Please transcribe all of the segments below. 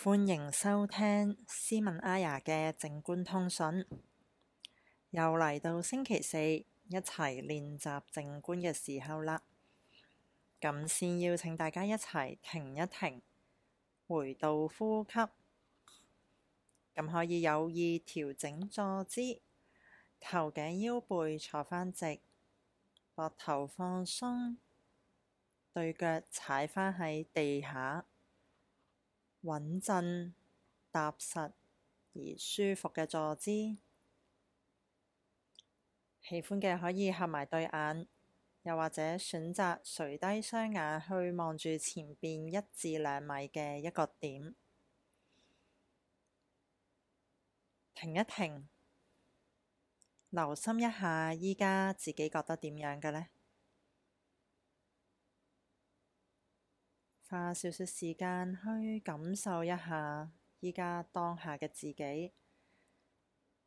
歡迎收聽斯文阿雅嘅靜觀通訊，又嚟到星期四一齊練習靜觀嘅時候啦。咁先要請大家一齊停一停，回到呼吸，咁可以有意調整坐姿，頭頸腰背坐返直，膊頭放鬆，對腳踩返喺地下。穩陣、踏實而舒服嘅坐姿，喜歡嘅可以合埋對眼，又或者選擇垂低雙眼去望住前面一至兩米嘅一個點，停一停，留心一下，依家自己覺得點樣嘅呢？花少少時間去感受一下依家當下嘅自己，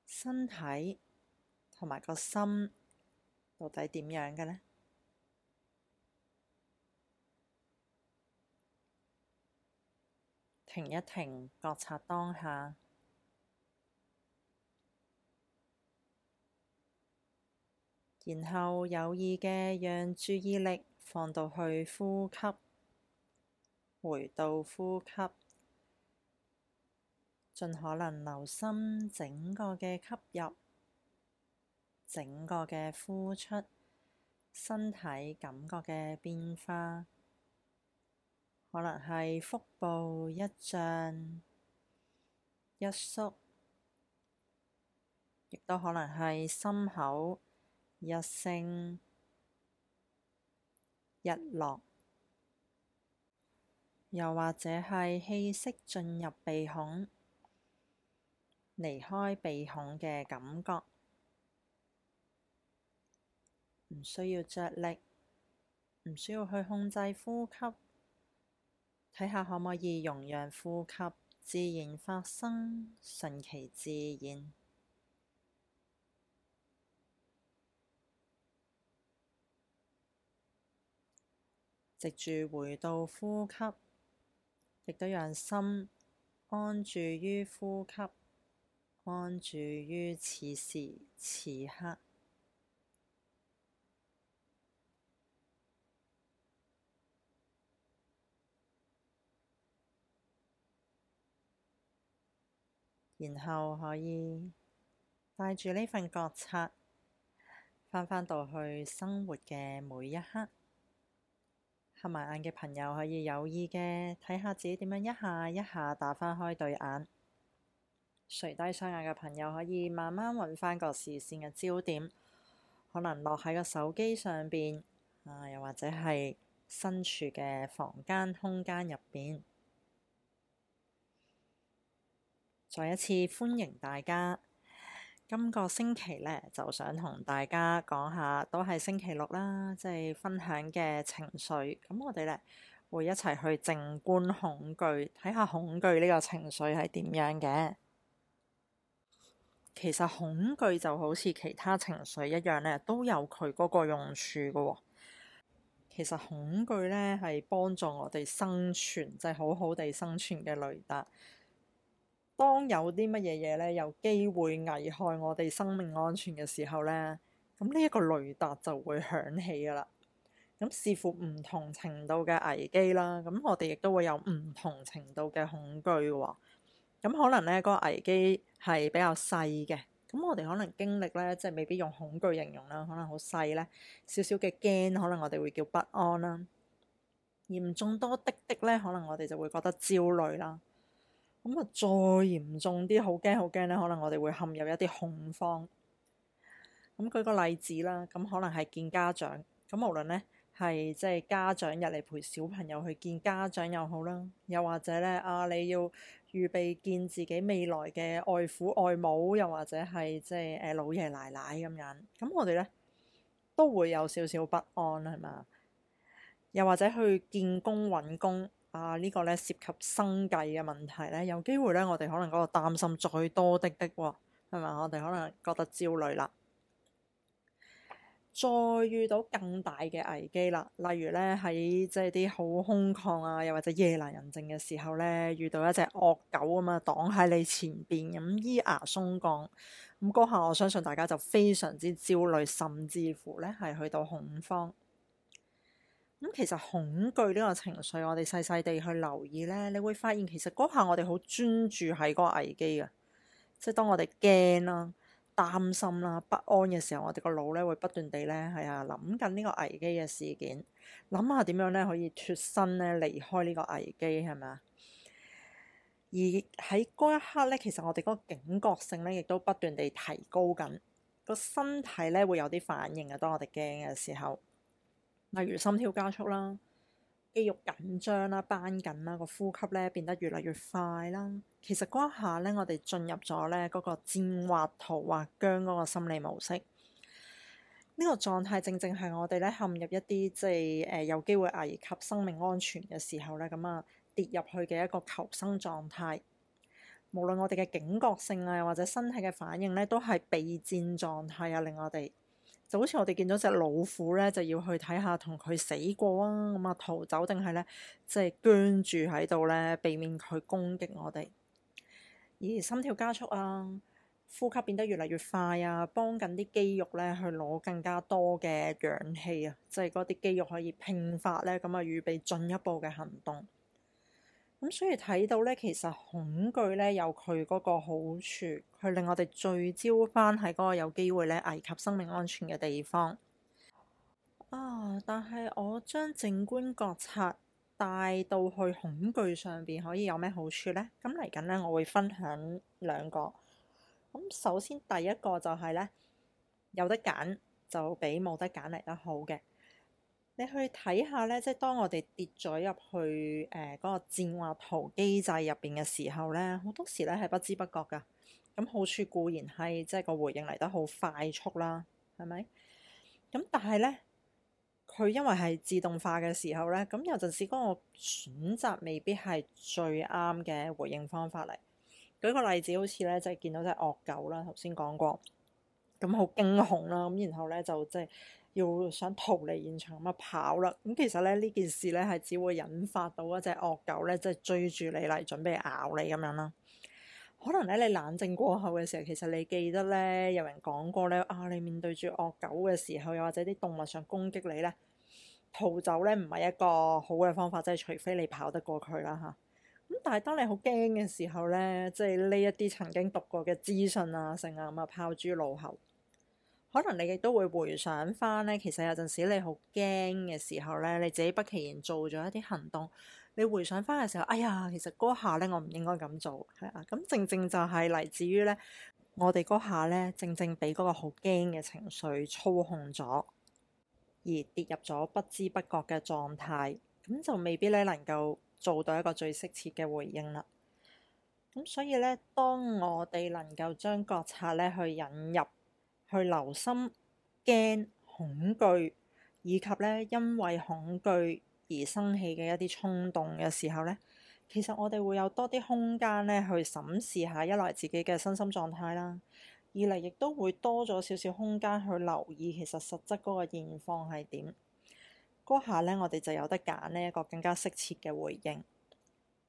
身體同埋個心到底點樣嘅呢？停一停，覺察當下，然後有意嘅讓注意力放到去呼吸。回到呼吸，盡可能留心整個嘅吸入、整個嘅呼出，身體感覺嘅變化，可能係腹部一脹一縮，亦都可能係心口一升一落。又或者係氣息進入鼻孔、離開鼻孔嘅感覺，唔需要着力，唔需要去控制呼吸，睇下可唔可以容讓呼吸自然發生，順其自然，藉住回到呼吸。亦都讓心安住於呼吸，安住於此時此刻，然後可以帶住呢份覺察，翻返到去生活嘅每一刻。合埋眼嘅朋友可以有意嘅睇下自己點樣一下一下打翻開對眼，垂低雙眼嘅朋友可以慢慢揾翻個視線嘅焦點，可能落喺個手機上邊啊，又或者係身處嘅房間空間入邊。再一次歡迎大家。今個星期咧，就想同大家講下，都係星期六啦，即係分享嘅情緒。咁我哋咧會一齊去靜觀恐懼，睇下恐懼呢個情緒係點樣嘅。其實恐懼就好似其他情緒一樣咧，都有佢嗰個用處㗎喎。其實恐懼咧係幫助我哋生存，即係好好地生存嘅雷達。當有啲乜嘢嘢咧，有機會危害我哋生命安全嘅時候咧，咁呢一個雷達就會響起噶啦。咁視乎唔同程度嘅危機啦，咁我哋亦都會有唔同程度嘅恐懼喎。咁可能咧，嗰個危機係比較細嘅，咁我哋可能經歷咧，即係未必用恐懼形容啦，可能好細咧，少少嘅驚，可能我哋會叫不安啦。嚴重多滴滴咧，可能我哋就會覺得焦慮啦。咁啊，再嚴重啲，好驚好驚咧！可能我哋會陷入一啲恐慌。咁舉個例子啦，咁可能係見家長，咁無論呢係即係家長入嚟陪小朋友去見家長又好啦，又或者呢，啊，你要預備見自己未來嘅外父外母，又或者係即係老爺奶奶咁樣，咁我哋呢都會有少少不安啦，係嘛？又或者去見工揾工。啊！呢個咧涉及生計嘅問題咧，有機會咧我哋可能嗰個擔心再多的的喎，係咪？我哋可能覺得焦慮啦，再遇到更大嘅危機啦，例如咧喺即係啲好空曠啊，又或者夜闌人靜嘅時候咧，遇到一隻惡狗啊嘛，擋喺你前邊咁咿牙鬆降。咁嗰下我相信大家就非常之焦慮，甚至乎咧係去到恐慌。咁其實恐懼呢個情緒，我哋細細地去留意呢，你會發現其實嗰下我哋好專注喺嗰個危機嘅，即係當我哋驚啦、擔心啦、不安嘅時候，我哋個腦咧會不斷地呢係啊諗緊呢個危機嘅事件，諗下點樣呢可以脫身呢離開呢個危機係咪啊？而喺嗰一刻呢，其實我哋嗰個警覺性呢亦都不斷地提高緊，個身體呢會有啲反應啊。當我哋驚嘅時候。例如心跳加速啦，肌肉緊張啦，繃緊啦，個呼吸咧變得越嚟越快啦。其實嗰一下咧，我哋進入咗咧嗰個戰或逃或僵嗰個心理模式。呢、這個狀態正正係我哋咧陷入一啲即係誒、呃、有機會危及生命安全嘅時候咧，咁啊跌入去嘅一個求生狀態。無論我哋嘅警覺性啊，或者身體嘅反應咧，都係備戰狀態啊，令我哋。就好似我哋見到隻老虎咧，就要去睇下同佢死過啊，咁啊逃走定係咧，即係僵住喺度咧，避免佢攻擊我哋。而心跳加速啊，呼吸變得越嚟越快啊，幫緊啲肌肉咧去攞更加多嘅氧氣啊，即係嗰啲肌肉可以拼發咧，咁啊預備進一步嘅行動。咁所以睇到咧，其實恐懼咧有佢嗰個好處，佢令我哋聚焦翻喺嗰個有機會咧危及生命安全嘅地方。啊！但係我將靜觀覺察帶到去恐懼上邊，可以有咩好處呢？咁嚟緊咧，我會分享兩個。咁首先第一個就係咧，有得揀就比冇得揀嚟得好嘅。你去睇下咧，即係當我哋跌咗入去誒嗰、呃嗰個戰或逃機制入邊嘅時候咧，好多時咧係不知不覺㗎。咁好處固然係即係個回應嚟得好快速啦，係咪？咁但係咧，佢因為係自動化嘅時候咧，咁有陣時嗰個選擇未必係最啱嘅回應方法嚟。舉個例子，好似咧就係見到隻惡狗啦，頭先講過，咁好驚恐啦，咁然後咧就即係。要想逃離現場咁啊跑啦！咁其實咧呢件事咧係只會引發到一隻惡狗咧，即係追住你嚟準備咬你咁樣啦。可能咧你冷靜過後嘅時候，其實你記得咧有人講過咧啊，你面對住惡狗嘅時候，又或者啲動物想攻擊你咧，逃走咧唔係一個好嘅方法，即係除非你跑得過佢啦吓，咁但係當你好驚嘅時候咧，即係呢一啲曾經讀過嘅資訊啊，成啊咁啊拋諸腦後。可能你亦都會回想翻呢。其實有陣時你好驚嘅時候呢，你自己不期然做咗一啲行動，你回想翻嘅時候，哎呀，其實嗰下呢，我唔應該咁做，係啊，咁正正就係嚟自於呢，我哋嗰下呢，正正俾嗰個好驚嘅情緒操控咗，而跌入咗不知不覺嘅狀態，咁就未必呢，能夠做到一個最適切嘅回應啦。咁所以呢，當我哋能夠將覺察呢去引入。去留心驚恐懼，以及咧，因為恐懼而生起嘅一啲衝動嘅時候呢，其實我哋會有多啲空間咧去審視一下一嚟，自己嘅身心狀態啦。二嚟，亦都會多咗少少空間去留意，其實實質嗰個現況係點。嗰下呢，我哋就有得揀呢一個更加適切嘅回應。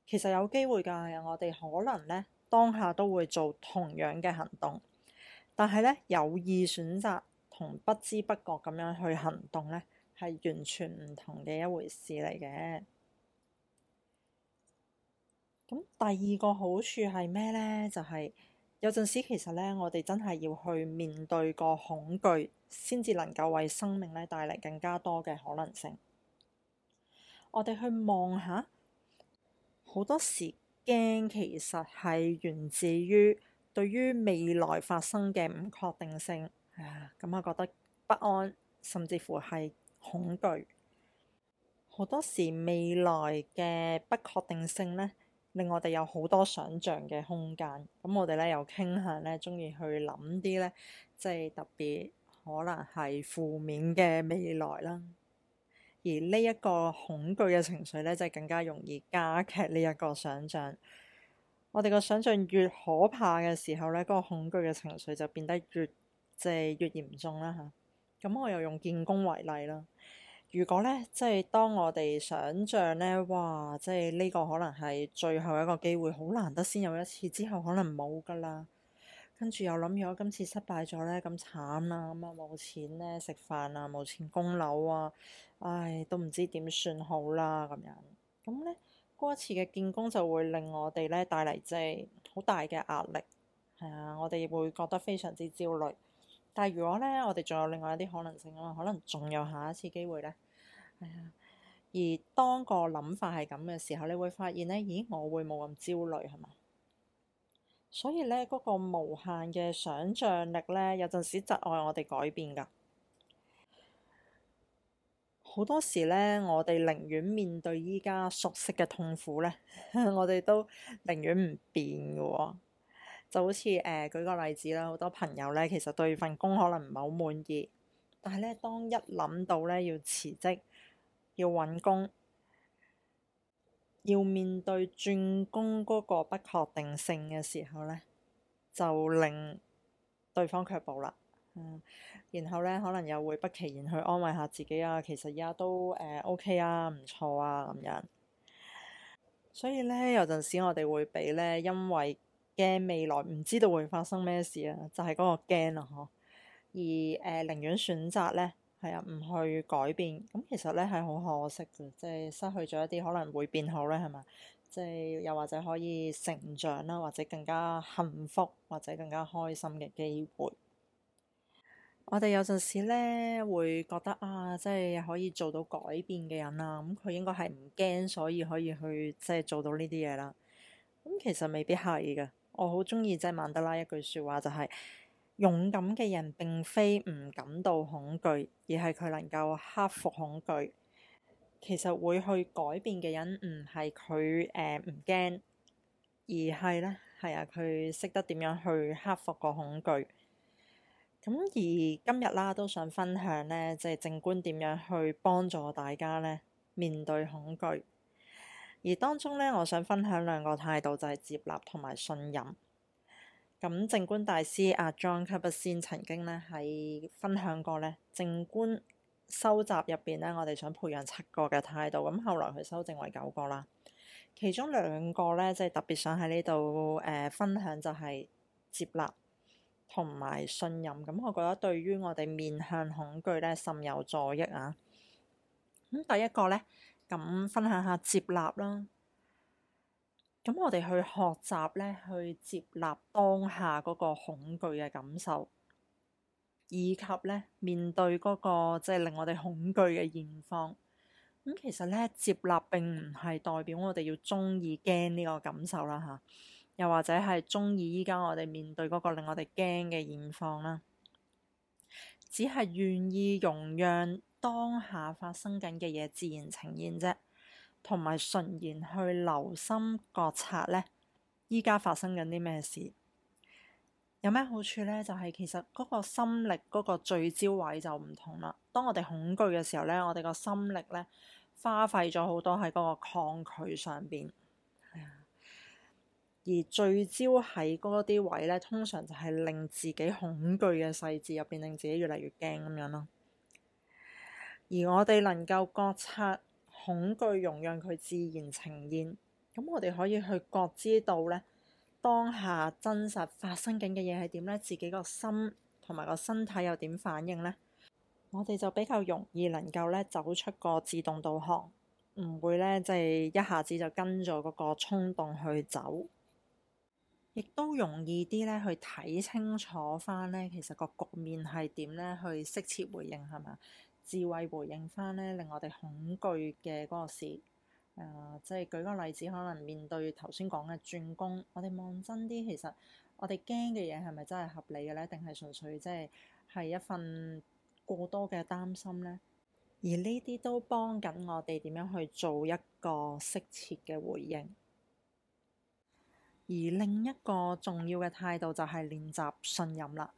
其實有機會噶，我哋可能呢當下都會做同樣嘅行動。但係咧有意選擇同不知不覺咁樣去行動咧，係完全唔同嘅一回事嚟嘅。咁第二個好處係咩咧？就係、是、有陣時其實咧，我哋真係要去面對個恐懼，先至能夠為生命咧帶嚟更加多嘅可能性。我哋去望下，好多時驚其實係源自於，對於未來發生嘅唔確定性，咁我覺得不安，甚至乎係恐懼。好多時未來嘅不確定性呢，令我哋有好多想像嘅空間。咁我哋咧又傾向咧，鍾意去諗啲呢，即係特別可能係負面嘅未來啦。而呢一個恐懼嘅情緒呢，就係更加容易加劇呢一個想像。我哋個想像越可怕嘅時候咧，嗰、那個恐懼嘅情緒就變得越即係越嚴重啦嚇。咁、啊、我又用見工為例啦。如果咧即係當我哋想像咧，哇！即係呢個可能係最後一個機會，好難得先有一次，之後可能冇㗎啦。跟住又諗住我今次失敗咗咧，咁慘啊！咁啊冇錢咧食飯啊，冇錢供樓啊，唉，都唔知點算好啦咁樣。咁咧。嗰一次嘅建功就會令我哋咧帶嚟即係好大嘅壓力，係啊，我哋會覺得非常之焦慮。但係如果咧，我哋仲有另外一啲可能性啊，可能仲有下一次機會咧，係啊。而當個諗法係咁嘅時候，你會發現咧，咦，我會冇咁焦慮係嘛？所以咧，嗰個無限嘅想像力咧，有陣時窒礙我哋改變㗎。好多時咧，我哋寧願面對依家熟悉嘅痛苦咧， 我哋都寧願唔變㗎喎、哦。就好似誒、呃，舉個例子啦，好多朋友咧，其實對份工可能唔係好滿意，但係咧，當一諗到咧要辭職、要揾工、要面對轉工嗰個不確定性嘅時候咧，就令對方卻步啦。嗯，然後咧可能又會不期然去安慰下自己啊，其實而家都誒、呃、OK 啊，唔錯啊咁樣。所以咧有陣時我哋會俾咧，因為驚未來唔知道會發生咩事啊，就係、是、嗰個驚啊嗬。而誒、呃、寧願選擇咧係啊，唔去改變。咁、嗯、其實咧係好可惜嘅，即、就、係、是、失去咗一啲可能會變好咧，係咪？即、就、係、是、又或者可以成長啦，或者更加幸福或者更加開心嘅機會。我哋有陣時咧會覺得啊，即係可以做到改變嘅人啦、啊，咁、嗯、佢應該係唔驚，所以可以去即係做到呢啲嘢啦。咁、嗯、其實未必係噶，我好中意即係曼德拉一句說話就係、是、勇敢嘅人，並非唔感到恐懼，而係佢能夠克服恐懼。其實會去改變嘅人唔係佢誒唔驚，而係咧係啊，佢識得點樣去克服個恐懼。咁而今日啦，都想分享呢，即係正觀點樣去幫助大家呢，面對恐懼。而當中呢，我想分享兩個態度，就係、是、接納同埋信任。咁、嗯、正觀大師阿 Jon Kabat-Zinn 曾經呢，喺分享過呢，正觀收集入邊呢，我哋想培養七個嘅態度，咁後來佢修正為九個啦。其中兩個呢，即係特別想喺呢度誒分享就，就係接納。同埋信任，咁我覺得對於我哋面向恐懼咧甚有助益啊！咁第一個咧，咁分享下接納啦。咁我哋去學習咧，去接納當下嗰個恐懼嘅感受，以及咧面對嗰、那個即係、就是、令我哋恐懼嘅現況。咁其實咧，接納並唔係代表我哋要鍾意驚呢個感受啦，嚇。又或者係中意依家我哋面對嗰個令我哋驚嘅現況啦，只係願意容讓當下發生緊嘅嘢，自然呈現啫，同埋純然去留心覺察呢。依家發生緊啲咩事？有咩好處呢？就係、是、其實嗰個心力嗰個聚焦位就唔同啦。當我哋恐懼嘅時候呢，我哋個心力呢，花費咗好多喺嗰個抗拒上邊。而聚焦喺嗰啲位咧，通常就係令自己恐懼嘅細節入邊，令自己越嚟越驚咁樣咯。而我哋能夠覺察恐懼，容讓佢自然呈現，咁我哋可以去覺知到咧，當下真實發生緊嘅嘢係點咧，自己個心同埋個身體又點反應咧。我哋就比較容易能夠咧走出個自動導航，唔會咧即係一下子就跟咗嗰個衝動去走。亦都容易啲咧，去睇清楚翻咧，其實個局面係點咧，去適切回應，係嘛智慧回應翻咧，令我哋恐懼嘅嗰個事誒，即、呃、係、即係、舉個例子，可能面對頭先講嘅轉工，我哋望真啲，其實我哋驚嘅嘢係咪真係合理嘅咧？定係純粹即係，係一份過多嘅擔心咧？而呢啲都幫緊我哋點樣去做一個適切嘅回應。而另一個重要嘅態度就係練習信任啦。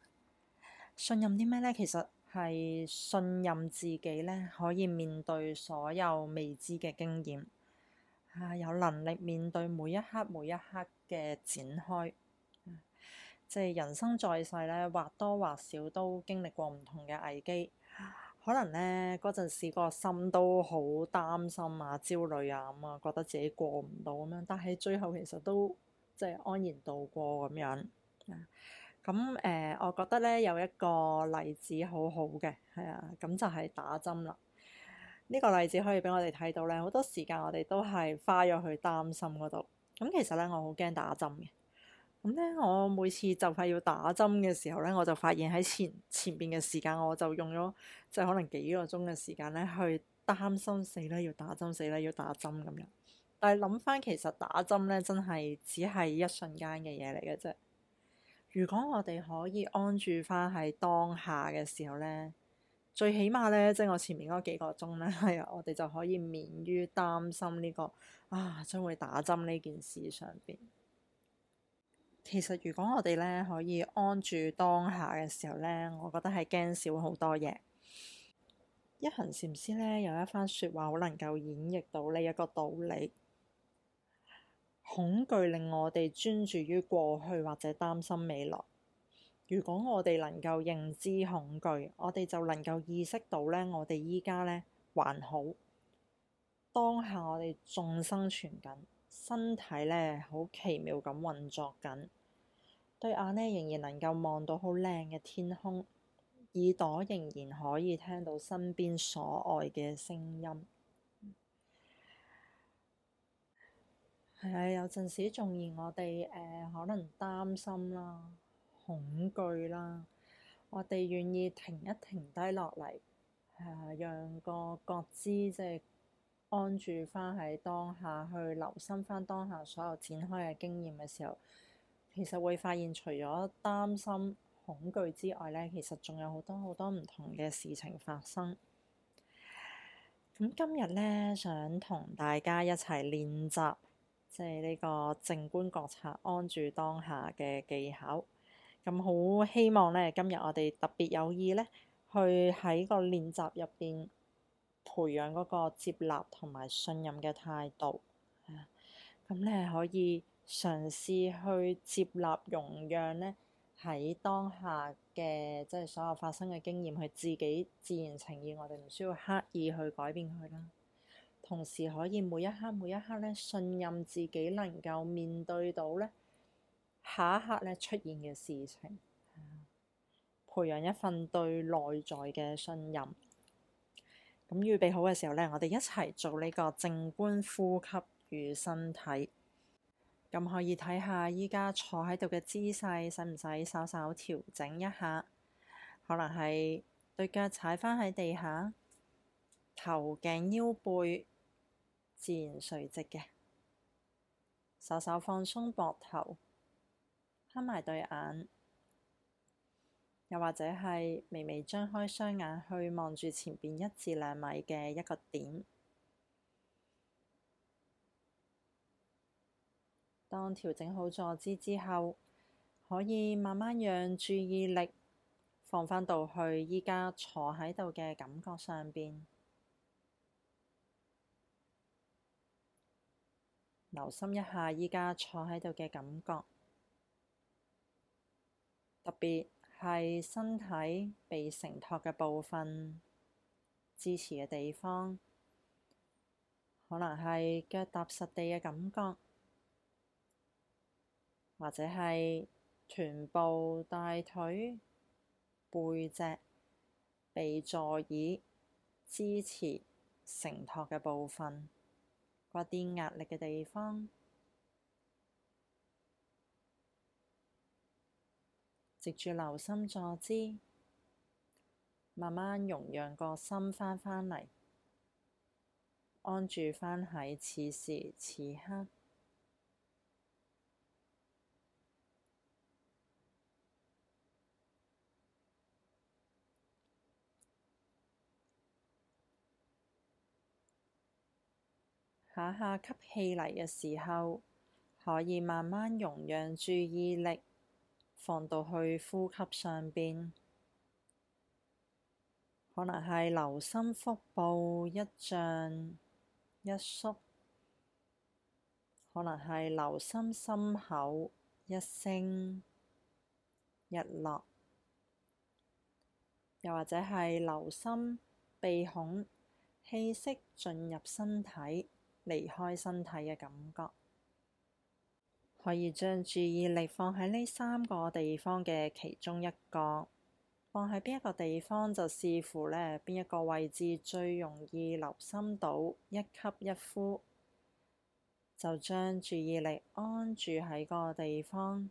信任啲咩呢？其實係信任自己呢，可以面對所有未知嘅經驗，啊，有能力面對每一刻每一刻嘅展開。即係人生在世呢，或多或少都經歷過唔同嘅危機，可能呢嗰陣時個心都好擔心啊、焦慮啊咁啊，覺得自己過唔到咁樣，但係最後其實都～即係安然度過咁樣，啊咁誒，我覺得咧有一個例子好好嘅，係啊，咁就係打針啦。呢個例子可以俾我哋睇到咧，好多時間我哋都係花咗去擔心嗰度。咁其實咧，我好驚打針嘅。咁咧，我每次就快要打針嘅時候咧，我就發現喺前前邊嘅時間，我就用咗即係可能幾個鐘嘅時間咧，去擔心死啦，要打針死啦，要打針咁樣。但係諗翻，其實打針咧，真係只係一瞬間嘅嘢嚟嘅啫。如果我哋可以安住翻喺當下嘅時候咧，最起碼咧，即係我前面嗰幾個鐘咧，係啊，我哋就可以免於擔心呢個啊將會打針呢件事上邊。其實，如果我哋咧可以安住當下嘅時候咧，我覺得係驚少好多嘢。一行禪師咧有一番說話，好能夠演繹到呢一個道理。恐懼令我哋專注於過去或者擔心未來。如果我哋能夠認知恐懼，我哋就能夠意識到呢，我哋依家呢還好。當下我哋仲生存緊，身體呢好奇妙咁運作緊，對眼呢仍然能夠望到好靚嘅天空，耳朵仍然可以聽到身邊所愛嘅聲音。係、啊、有陣時仲嫌我哋誒、呃，可能擔心啦、恐懼啦，我哋願意停一停低落嚟，係、呃、啊，讓個覺知即係、就是、安住返喺當下去留心返當下所有展開嘅經驗嘅時候，其實會發現除咗擔心、恐懼之外呢，其實仲有好多好多唔同嘅事情發生。咁今日呢，想同大家一齊練習。即係呢個靜觀覺察安住當下嘅技巧，咁好希望咧，今日我哋特別有意咧，去喺個練習入邊培養嗰個接納同埋信任嘅態度。咁你可以嘗試去接納容讓咧喺當下嘅、即係所有發生嘅經驗，去自己自然呈現，我哋唔需要刻意去改變佢啦。同時可以每一刻每一刻呢，信任自己能夠面對到呢下一刻呢出現嘅事情，培養一份對內在嘅信任。咁預備好嘅時候呢，我哋一齊做呢個靜觀呼吸與身體。咁可以睇下依家坐喺度嘅姿勢，使唔使稍稍調整一下？可能係對腳踩返喺地下，頭頸腰背，自然垂直嘅，稍稍放鬆膊頭，睏埋對眼，又或者係微微張開雙眼去望住前邊一至兩米嘅一個點。當調整好坐姿之後，可以慢慢讓注意力放返到去依家坐喺度嘅感覺上邊。留心一下，依家坐喺度嘅感覺，特別係身體被承托嘅部分、支持嘅地方，可能係腳踏實地嘅感覺，或者係臀部、大腿、背脊被座椅支持承托嘅部分。或啲壓力嘅地方，藉住留心坐姿，慢慢容讓個心返返嚟，安住返喺此時此刻。下下吸氣嚟嘅時候，可以慢慢容讓注意力放到去呼吸上邊，可能係留心腹部一脹一縮，可能係留心心口一升一落，又或者係留心鼻孔氣息進入身體。離開身體嘅感覺，可以將注意力放喺呢三個地方嘅其中一個，放喺邊一個地方就視乎呢邊一個位置最容易留心到一吸一呼，就將注意力安住喺嗰個地方，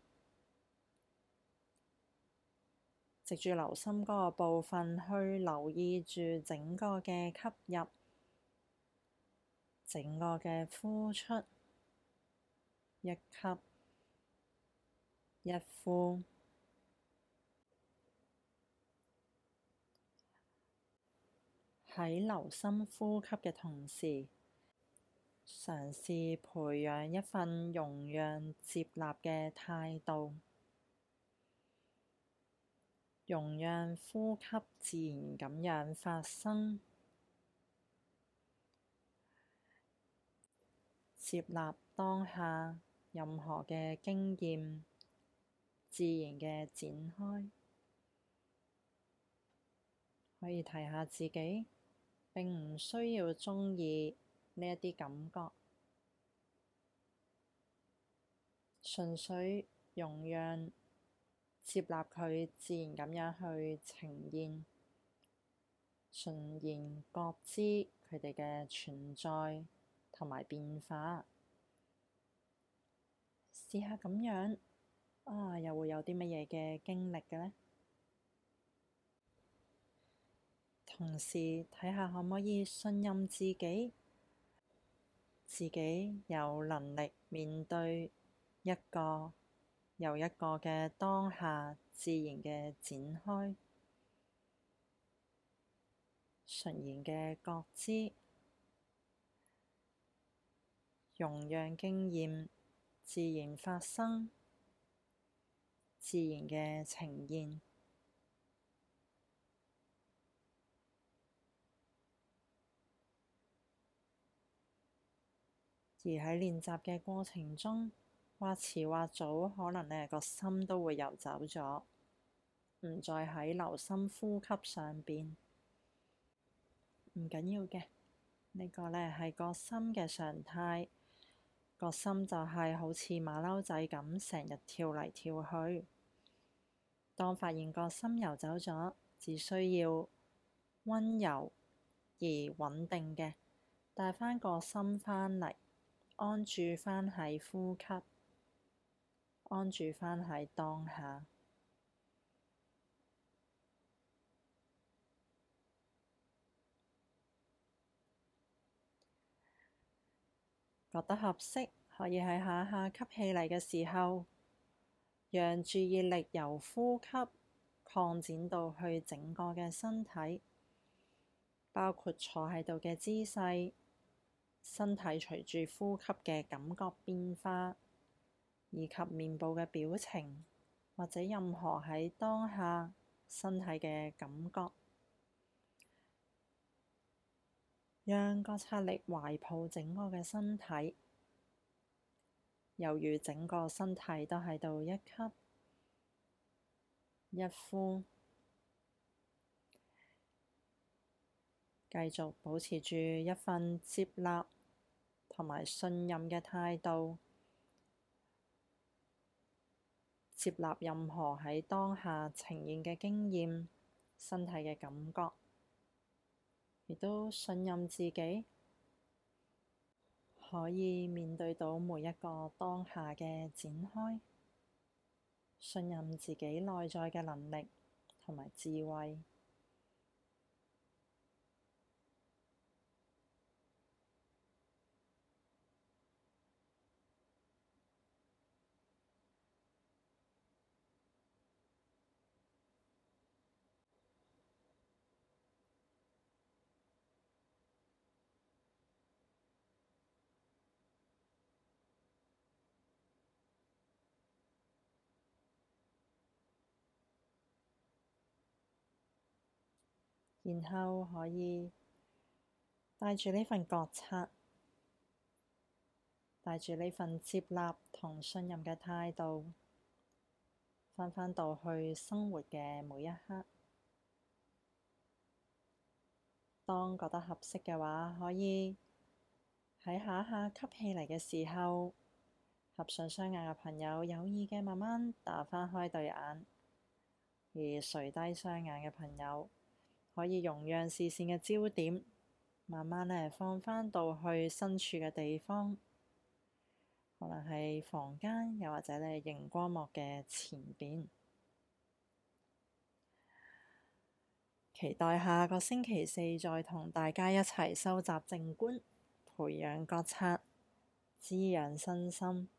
藉住留心嗰個部分去留意住整個嘅吸入。整個嘅呼出、一吸、一呼，喺留心呼吸嘅同時，嘗試培養一份容讓、接納嘅態度，容讓呼吸自然咁樣發生。接納當下任何嘅經驗，自然嘅展開，可以提下自己，並唔需要中意呢啲感覺，純粹容讓接納佢自然咁樣去呈現，純然覺知佢哋嘅存在。同埋變化，試下咁樣啊，又會有啲乜嘢嘅經歷嘅呢？同時睇下可唔可以信任自己，自己有能力面對一個又一個嘅當下自然嘅展開，純然嘅覺知。容讓經驗自然發生，自然嘅呈現，而喺練習嘅過程中，或遲或早，可能你個心都會游走咗，唔再喺留心呼吸上邊。唔緊要嘅，呢個呢係個心嘅常態。個心就係好似馬騮仔咁，成日跳嚟跳去。當發現個心游走咗，只需要溫柔而穩定嘅帶翻個心翻嚟，安住翻喺呼吸，安住翻喺當下。覺得合適，可以喺下下吸氣嚟嘅時候，讓注意力由呼吸擴展到去整個嘅身體，包括坐喺度嘅姿勢、身體隨住呼吸嘅感覺變化，以及面部嘅表情，或者任何喺當下身體嘅感覺。讓覺察力懷抱整個嘅身體，猶如整個身體都喺度一吸一呼，繼續保持住一份接納同埋信任嘅態度，接納任何喺當下呈現嘅經驗、身體嘅感覺。亦都信任自己，可以面對到每一個當下嘅展開，信任自己內在嘅能力同埋智慧。然後可以帶住呢份覺察，帶住呢份接納同信任嘅態度，翻返到去生活嘅每一刻。當覺得合適嘅話，可以喺下下吸氣嚟嘅時候，合上雙眼嘅朋友有意嘅慢慢打翻開對眼，而垂低雙眼嘅朋友，可以容讓視線嘅焦點慢慢咧放返到去身處嘅地方，可能係房間，又或者係熒光幕嘅前邊。期待下個星期四再同大家一齊收集靜觀，培養覺察，滋養身心。